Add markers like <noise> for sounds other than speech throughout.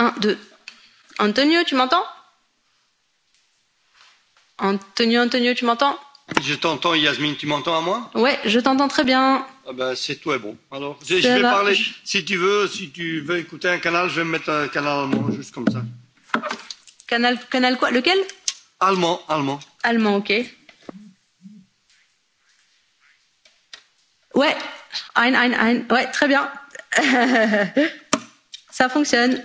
un, deux. Antonio, tu m'entends Antonio, Antonio, tu m'entends Je t'entends, Yasmine, tu m'entends à moi Ouais, je t'entends très bien. Ah ben, c'est toi, bon. Alors, je, vais là. parler, si tu veux, si tu veux écouter un canal, je vais mettre un canal allemand, juste comme ça. Canal, canal quoi Lequel Allemand, allemand. Allemand, ok. Ouais, ein, ein, ein. Ouais, très bien. <laughs> ça fonctionne.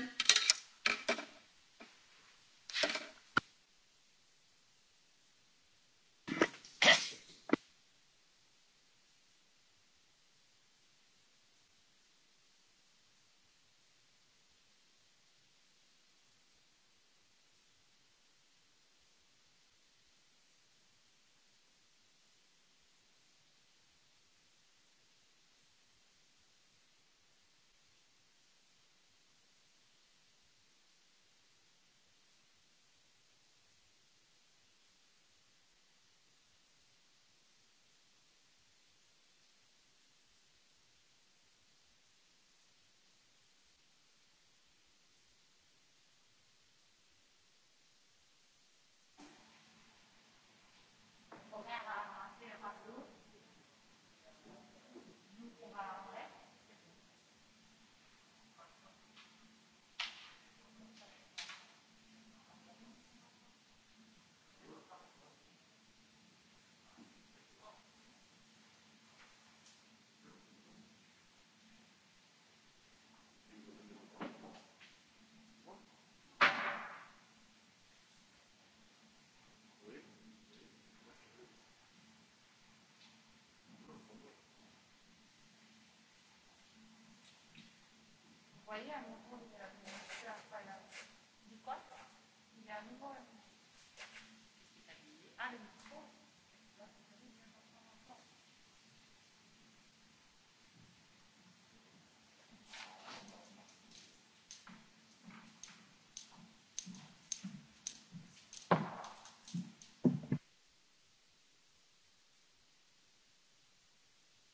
Pa